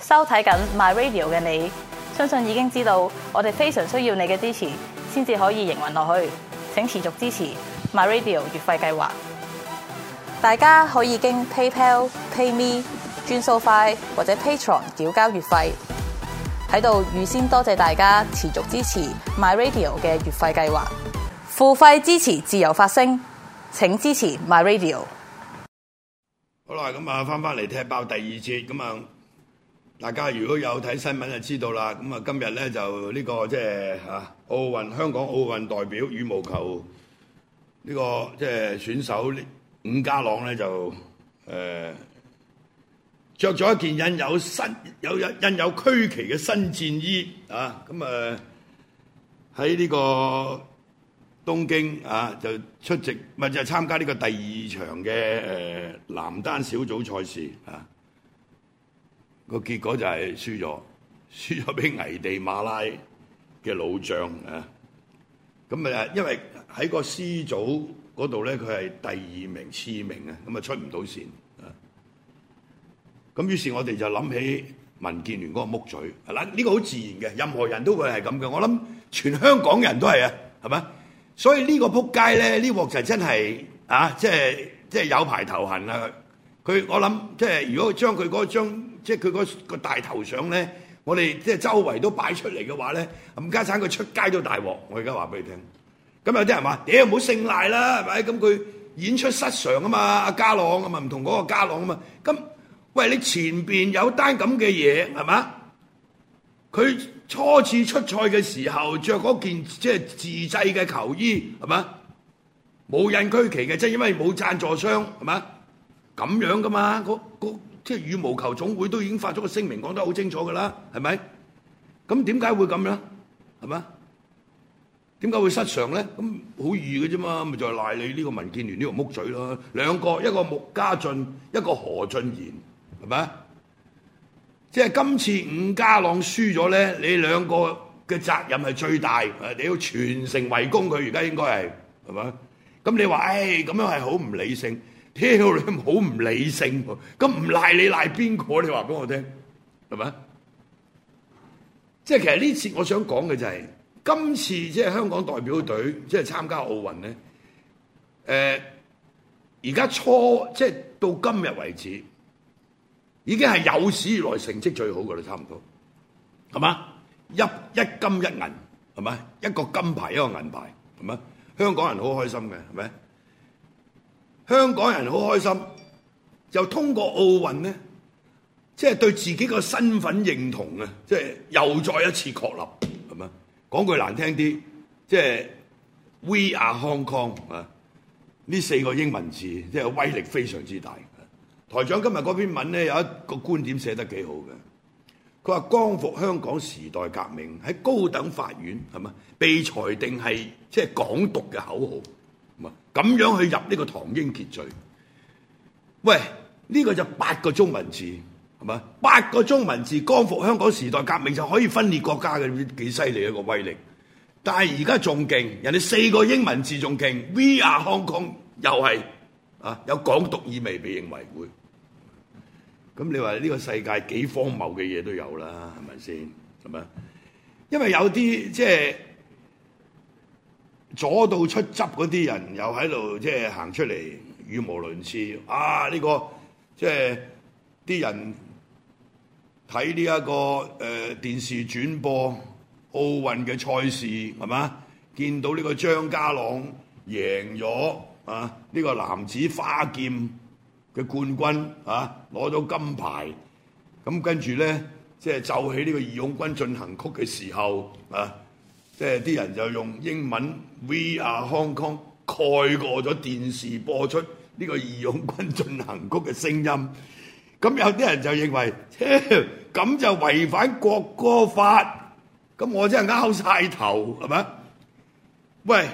收睇緊 My Radio 嘅你，相信已經知道我哋非常需要你嘅支持，先至可以營運落去，請持續支持 My Radio 月費計劃。大家可以經 PayPal、PayMe、轉數快或者 Patreon 繳交月費。喺度預先多謝大家持續支持 My Radio 嘅月費計劃，付費支持自由發聲，請支持 My Radio。好啦，咁啊，翻翻嚟踢爆第二節咁啊。大家如果有睇新聞就知道啦，咁啊今日咧就呢個即係嚇奧運，香港奧運代表羽毛球呢個即係選手伍家朗咧就誒著咗一件印有新有印印有區旗嘅新戰衣啊，咁誒喺呢個東京啊就出席咪係就參加呢個第二場嘅誒男單小組賽事啊。個結果就係輸咗，輸咗俾危地馬拉嘅老將啊！咁啊，因為喺個 C 組嗰度咧，佢係第二名、次名啊，咁啊出唔到線啊！咁於是，我哋就諗起民建聯嗰個木嘴，係啦，呢個好自然嘅，任何人都會係咁嘅。我諗全香港人都係啊，係咪？所以呢個撲街咧，呢鑊就真係啊，即係即係有排頭痕啦！佢，我諗即係如果將佢嗰張。即係佢個大頭相咧，我哋即係周圍都擺出嚟嘅話咧，冚家鏟佢出街都大鑊。我而家話俾你聽，咁有啲人話：你又唔好姓賴啦，係咪？咁佢演出失常啊嘛，阿家朗啊嘛，唔同嗰個家朗啊嘛。咁，喂，你前邊有單咁嘅嘢係嘛？佢初次出賽嘅時候着嗰件即係自製嘅球衣係嘛？冇印區旗嘅，即係因為冇贊助商係嘛？咁樣噶嘛，即係羽毛球總會都已經發咗個聲明，講得好清楚㗎啦，係咪？咁點解會咁咧？係咪？點解會失常咧？咁好易嘅啫嘛，咪就係賴你呢個民建聯呢個木嘴咯。兩個，一個穆家俊，一個何俊賢，係咪？即係今次伍家朗輸咗咧，你兩個嘅責任係最大。你要全城圍攻佢，而家應該係係咪？咁你話誒，咁樣係好唔理性？你好唔理性，啊，咁唔賴你賴邊個？你話俾我聽係咪？即係、就是、其實呢次我想講嘅就係、是、今次即係香港代表隊即係參加奧運咧，誒而家初即係、就是、到今日為止，已經係有史以來成績最好噶啦，差唔多係嘛？吧一一金一銀係咪？一個金牌一個銀牌係咪？香港人好開心嘅係咪？香港人好開心，又通過奧運咧，即係對自己個身份認同啊！即係又再一次確立，係嘛？講句難聽啲，即係 We are Hong Kong 啊！呢四個英文字，即係威力非常之大。台長今日嗰篇文咧，有一個觀點寫得幾好嘅，佢話光復香港時代革命喺高等法院係嘛，被裁定係即係港獨嘅口號。咁樣去入呢個唐英傑罪？喂，呢個就八個中文字係嘛？八個中文字光復香港時代革命就可以分裂國家嘅，幾犀利一個威力！但係而家仲勁，人哋四個英文字仲勁。We are Hong Kong 又係啊，有港獨意味，被認為會？咁你話呢個世界幾荒謬嘅嘢都有啦，係咪先？係咪？因為有啲即係。左到出汁嗰啲人又喺度，即係行出嚟語無倫次。啊！呢個即係啲人睇呢一個誒電視轉播奧運嘅賽事係嘛？見到呢個張家朗贏咗啊！呢個男子花劍嘅冠軍啊，攞咗金牌。咁跟住咧，即係就起呢個義勇軍進行曲嘅時候啊！即係啲人就用英文 We are Hong Kong 蓋過咗電視播出呢個義勇軍進行曲嘅聲音，咁有啲人就認為咁就違反國歌法，咁我真係拗晒頭係咪啊？喂，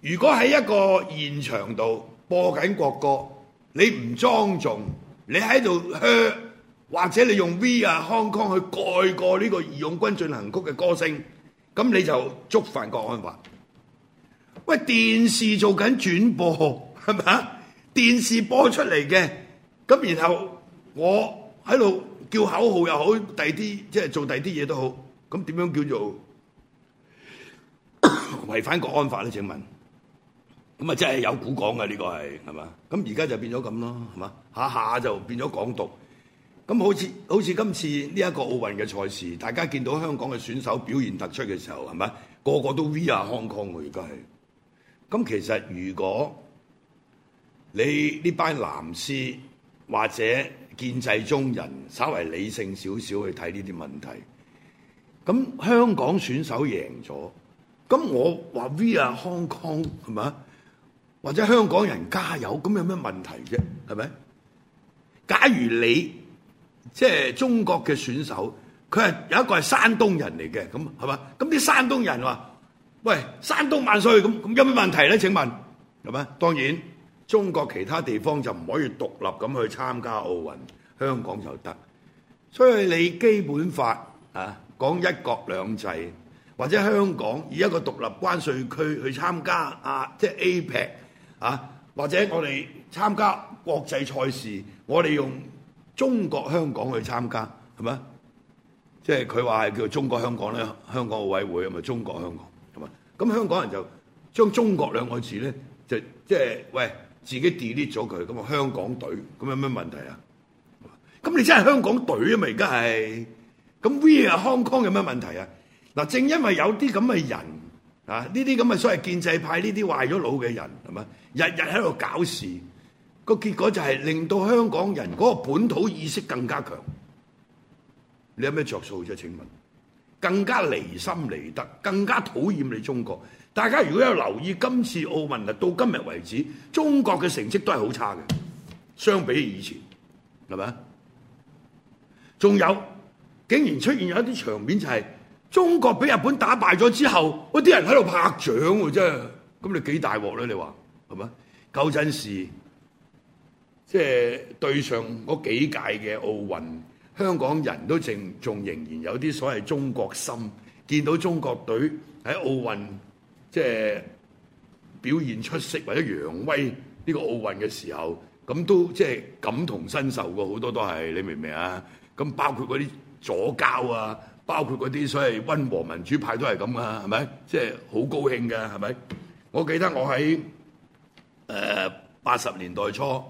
如果喺一個現場度播緊國歌，你唔莊重，你喺度哼，或者你用 We are Hong Kong 去蓋過呢個義勇軍進行曲嘅歌聲。咁你就觸犯國安法？喂，電視做緊轉播，係咪？電視播出嚟嘅，咁然後我喺度叫口號又好，第啲即係做第啲嘢都好，咁點樣叫做 違反國安法咧？請問，咁啊真係有古講嘅呢個係係嘛？咁而家就變咗咁咯，係嘛？下下就變咗港獨。咁好似好似今次呢一個奧運嘅賽事，大家見到香港嘅選手表現突出嘅時候，係咪個個都 We Are Hong Kong 喎？而家係，咁其實如果你呢班藍絲或者建制中人稍為理性少少去睇呢啲問題，咁香港選手贏咗，咁我話 We Are Hong Kong 係咪？或者香港人加油，咁有咩問題啫？係咪？假如你即係中國嘅選手，佢係有一個係山東人嚟嘅，咁係嘛？咁啲山東人話：「喂，山東萬歲！咁咁有咩問題呢？請問，係咪？當然，中國其他地方就唔可以獨立咁去參加奧運，香港就得。所以你基本法啊，講一國兩制，或者香港以一個獨立關稅區去參加啊，即係 APEC 啊，或者我哋參加國際賽事，我哋用。中國香港去參加係咪？即係佢話係叫中國香港咧，香港奧委會咪中國香港係咪？咁香港人就將中國兩個字咧，就即係喂自己 delete 咗佢，咁啊香港隊咁有咩問題啊？咁你真係香港隊啊嘛，而家係咁 We are Hong Kong 有咩問題啊？嗱，正因為有啲咁嘅人啊，呢啲咁嘅所謂建制派呢啲壞咗腦嘅人係咪？日日喺度搞事。個結果就係令到香港人嗰個本土意識更加強。你有咩着數啫？請問更加離心離德，更加討厭你中國。大家如果有留意今次奧運啊，到今日為止，中國嘅成績都係好差嘅，相比起以前係咪？仲有，竟然出現有一啲場面就係、是、中國俾日本打敗咗之後，嗰啲人喺度拍掌喎，咁你幾大鑊咧？你話係咪啊？夠真事！即係對上嗰幾屆嘅奧運，香港人都正仲仍然有啲所謂中國心，見到中國隊喺奧運即係、就是、表現出色或者揚威呢個奧運嘅時候，咁都即係、就是、感同身受嘅，好多都係你明唔明啊？咁包括嗰啲左膠啊，包括嗰啲所謂温和民主派都係咁啊，係咪？即係好高興㗎，係咪？我記得我喺誒八十年代初。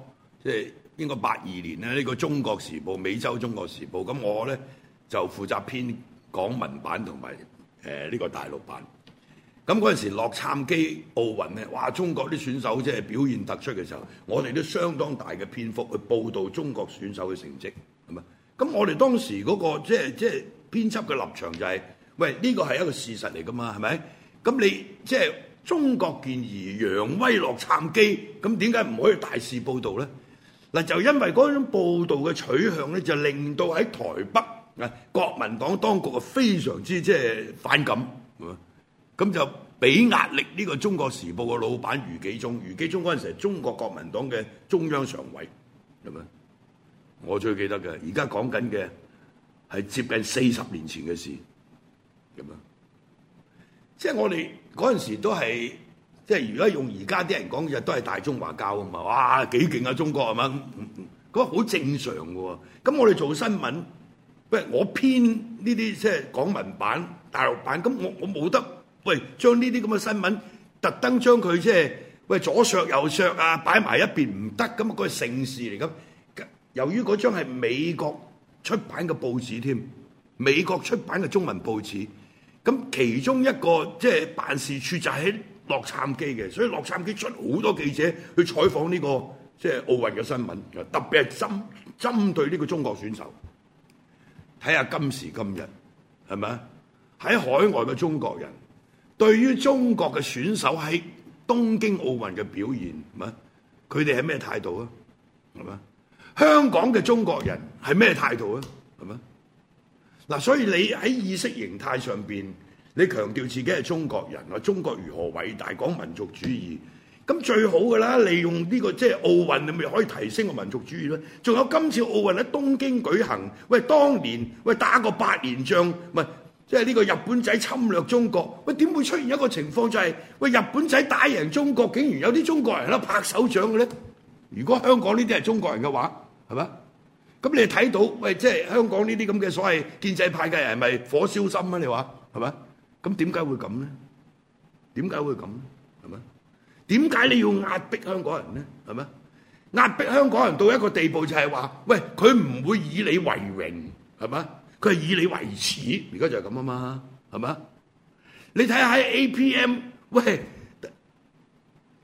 即係應該八二年咧，呢、這個《中國時報》、《美洲中國時報》那呢，咁我咧就負責編港文版同埋誒呢個大陸版。咁嗰陣時，洛杉磯奧運咧，話中國啲選手即係表現突出嘅時候，我哋都相當大嘅篇幅去報導中國選手嘅成績，係咪？咁我哋當時嗰、那個即係即係編輯嘅立場就係、是：喂，呢個係一個事實嚟㗎嘛，係咪？咁你即係、就是、中國健兒揚威洛杉磯，咁點解唔可以大肆報導咧？嗱，就因為嗰種報道嘅取向咧，就令到喺台北啊，國民黨當局啊非常之即係反感，咁就俾壓力呢、這個《中國時報》嘅老闆余紀忠。余紀忠嗰陣時係中國國民黨嘅中央常委，係咪？我最記得嘅，而家講緊嘅係接近四十年前嘅事，咁啊，即係我哋嗰陣時都係。即係如果用而家啲人講嘅，都係大中華膠啊嘛！哇，幾勁啊，中國係嘛？咁好 正常嘅喎。咁我哋做新聞，喂，我編呢啲即係港聞版、大陸版，咁我我冇得喂將呢啲咁嘅新聞特登將佢即係喂左削右削啊，擺埋一邊唔得。咁啊，嗰、嗰個盛事嚟㗎。由於嗰張係美國出版嘅報紙添，美國出版嘅中文報紙，咁其中一個即係、就係、辦事處就喺。洛杉磯嘅，所以洛杉磯出好多記者去採訪呢個即係奧運嘅新聞，特別係針針對呢個中國選手。睇下今時今日係咪？喺海外嘅中國人對於中國嘅選手喺東京奧運嘅表現，係咪？佢哋係咩態度啊？係咪？香港嘅中國人係咩態度啊？係咪？嗱，所以你喺意識形態上面。你強調自己係中國人，話中國如何偉大，講民族主義，咁最好噶啦，利用呢個即係奧運，你咪可以提升個民族主義咯。仲有今次奧運喺東京舉行，喂，當年喂打個八年仗，唔係即係呢個日本仔侵略中國，喂點會出現一個情況就係，喂日本仔打贏中國，竟然有啲中國人喺度拍手掌嘅咧？如果香港呢啲係中國人嘅話，係咪？咁你睇到喂，即係香港呢啲咁嘅所謂建制派嘅人，係咪火燒心啊？你話係咪？咁點解會咁呢？點解會咁呢？係咪？點解你要壓迫香港人呢？係咪？壓迫香港人到一個地步，就係話：喂，佢唔會以你為榮，係咪？佢係以你為恥。而家就係咁啊嘛，係咪？你睇下喺 APM，喂，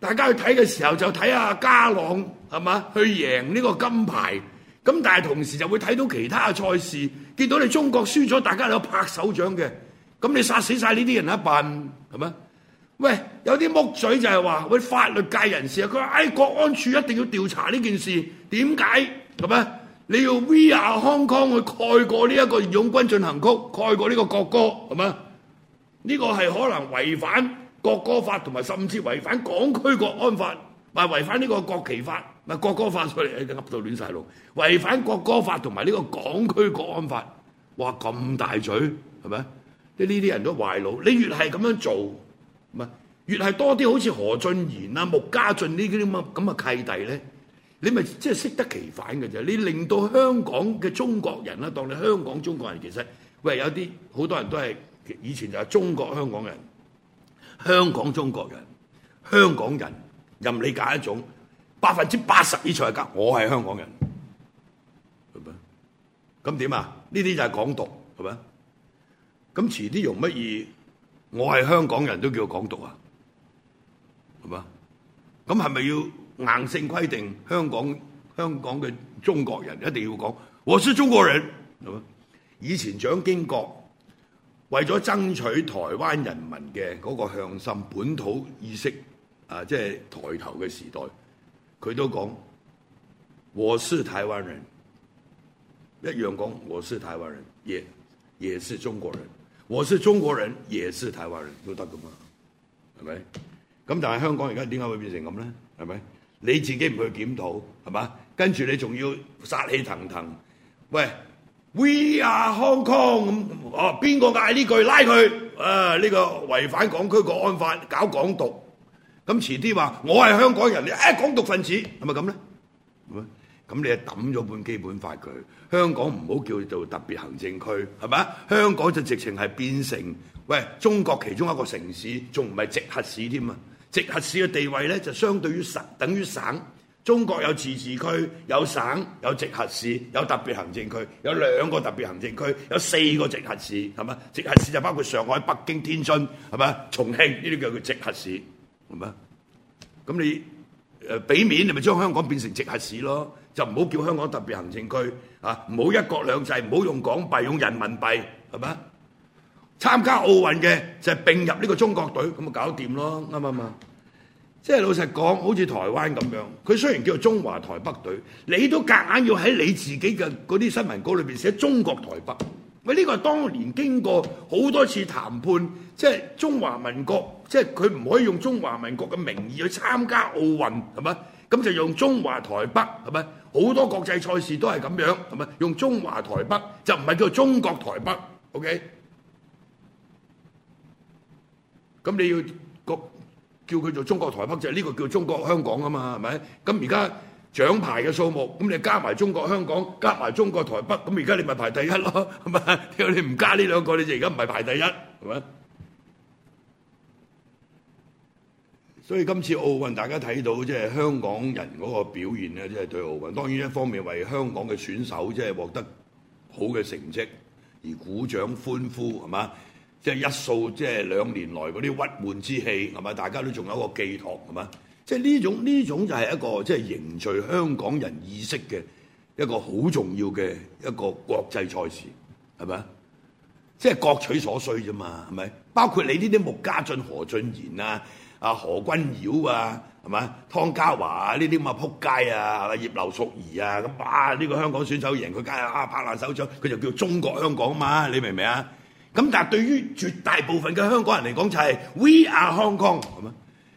大家去睇嘅時候就睇下家朗係嘛？去贏呢個金牌。咁但係同時就會睇到其他嘅賽事，見到你中國輸咗，大家有拍手掌嘅。咁你殺死晒呢啲人一笨係咪？喂，有啲噏嘴就係話喂法律界人士啊，佢話喺國安處一定要調查呢件事，點解係咪？你要 We Are Hong Kong 去蓋過呢一個《義勇軍進行曲》，蓋過呢個國歌係咪？呢個係可能違反國歌法，同埋甚至違反港區國安法，唔係違反呢個國旗法，唔係國歌法出嚟，噏到亂晒路，違反國歌法同埋呢個港區國安法，哇咁大嘴係咪？呢啲人都壞腦，你越係咁樣做，唔係越係多啲好似何俊賢啊、穆家俊呢啲咁啊咁嘅契弟咧，你咪即係適得其反嘅啫。你令到香港嘅中國人啦，當你香港中國人其實喂有啲好多人都係以前就係中國香港人、香港中國人、香港人任你揀一種，百分之八十以上噶，我係香港人，係咪？咁點啊？呢啲就係港獨，係咪？咁遲啲用乜嘢？我係香港人都叫港獨啊，係嘛？咁係咪要硬性規定香港香港嘅中國人一定要講我是中國人？係嘛？以前蔣經國為咗爭取台灣人民嘅嗰個向心本土意識啊，即係抬頭嘅時代，佢都講我是台灣人。一樣講我是台灣人，也也是中國人。我是中國人，也是台灣人都得㗎嘛，係咪？咁但係香港而家點解會變成咁咧？係咪？你自己唔去檢討，係嘛？跟住你仲要殺氣騰騰，喂，We are Hong Kong 咁、嗯，哦邊個嗌呢句拉佢啊？呢、呃，這個違反港區國安法，搞港獨。咁、嗯、遲啲話我係香港人，你誒、哎、港獨分子係咪咁咧？是咁你抌咗本基本法佢，香港唔好叫做特別行政區，係咪啊？香港就直情係變成喂中國其中一個城市，仲唔係直轄市添啊？直轄市嘅地位呢，就相對於省，等於省。中國有自治區、有省、有直轄市、有特別行政區，有兩個特別行政區，有四個直轄市，係咪？直轄市就包括上海、北京、天津，係咪啊？重慶呢啲叫佢直轄市，係咪啊？咁你誒、呃、俾面，你咪將香港變成直轄市咯？就唔好叫香港特別行政區啊！唔好一國兩制，唔好用港幣，用人民幣係咪啊？參加奧運嘅就係並入呢個中國隊，咁咪搞掂咯，啱唔啱？即係老實講，好似台灣咁樣，佢雖然叫做中華台北隊，你都夾硬要喺你自己嘅嗰啲新聞稿裏邊寫中國台北。喂，呢個係當年經過好多次談判，即係中華民國，即係佢唔可以用中華民國嘅名義去參加奧運，係咪？咁就用中華台北，係咪？好多國際賽事都係咁樣，係咪用中華台北就唔係叫中國台北？OK，咁你要個叫佢做中國台北就係呢個叫中國香港啊嘛，係咪？咁而家獎牌嘅數目，咁你加埋中國香港加埋中國台北，咁而家你咪排第一咯，係咪？你唔加呢兩個，你就而家唔係排第一，係咪？所以今次奧運大家睇到即係、就是、香港人嗰個表現咧，即、就、係、是、對奧運當然一方面為香港嘅選手即係、就是、獲得好嘅成績而鼓掌歡呼係嘛，即係、就是、一掃即係兩年來嗰啲鬱悶之氣係嘛，大家都仲有一個寄託係嘛，即係呢種呢種就係一個即係、就是、凝聚香港人意識嘅一個好重要嘅一個國際賽事係咪？即係各取所需啫嘛，係咪？包括你呢啲穆家駿、何俊賢啊。啊，何君堯啊，係嘛，湯家驊啊，呢啲咁嘅仆街啊，葉劉淑儀啊，咁啊呢、這個香港選手贏佢梗係啊拍爛手掌，佢就叫中國香港嘛，你明唔明啊？咁但係對於絕大部分嘅香港人嚟講，就係 We are Hong Kong，咁啊，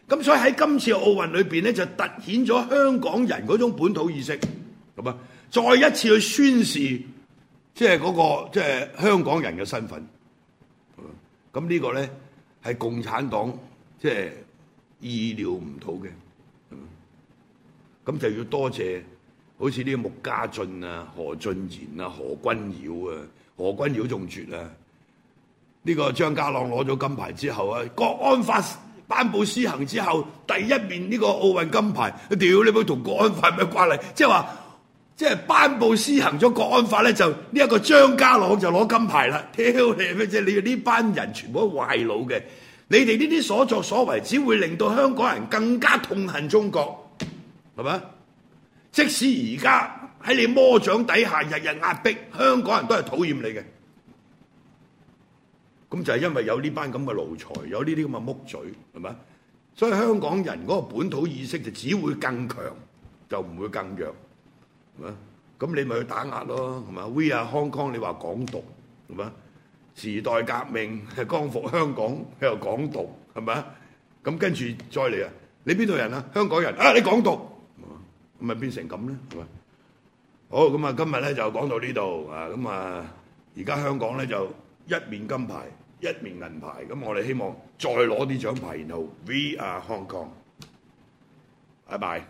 咁所以喺今次奧運裏邊咧，就突顯咗香港人嗰種本土意識，係咪？再一次去宣示，即係嗰個即係、就是、香港人嘅身份。咁呢個咧係共產黨即係、就是意料唔到嘅，咁、嗯、就要多謝，好似呢個穆家俊啊、何俊賢啊、何君堯啊、何君堯仲絕啊，呢、這個張家朗攞咗金牌之後啊，國安法頒布施行之後，第一面呢個奧運金牌，屌你冇同國安法有咩關係？即係話，即係頒布施行咗國安法咧，就呢一、這個張家朗就攞金牌啦！屌、啊、你，即係你呢班人全部都壞腦嘅。你哋呢啲所作所為，只會令到香港人更加痛恨中國，係咪？即使而家喺你魔掌底下，日日壓迫，香港人都係討厭你嘅。咁就係因為有呢班咁嘅奴才，有呢啲咁嘅木嘴，係咪？所以香港人嗰個本土意識就只會更強，就唔會更弱，係咪？咁你咪去打壓咯，係咪？We are Hong Kong，你話港獨，係咪？時代革命係光復香港，喺度港獨係咪啊？咁跟住再嚟啊！你邊度人啊？香港人啊！你港獨，咁咪變成咁咧？係咪？好咁啊！今日咧就講到呢度啊！咁啊，而家香港咧就一面金牌，一面銀牌。咁我哋希望再攞啲獎牌，然後 We are Hong Kong，拜拜。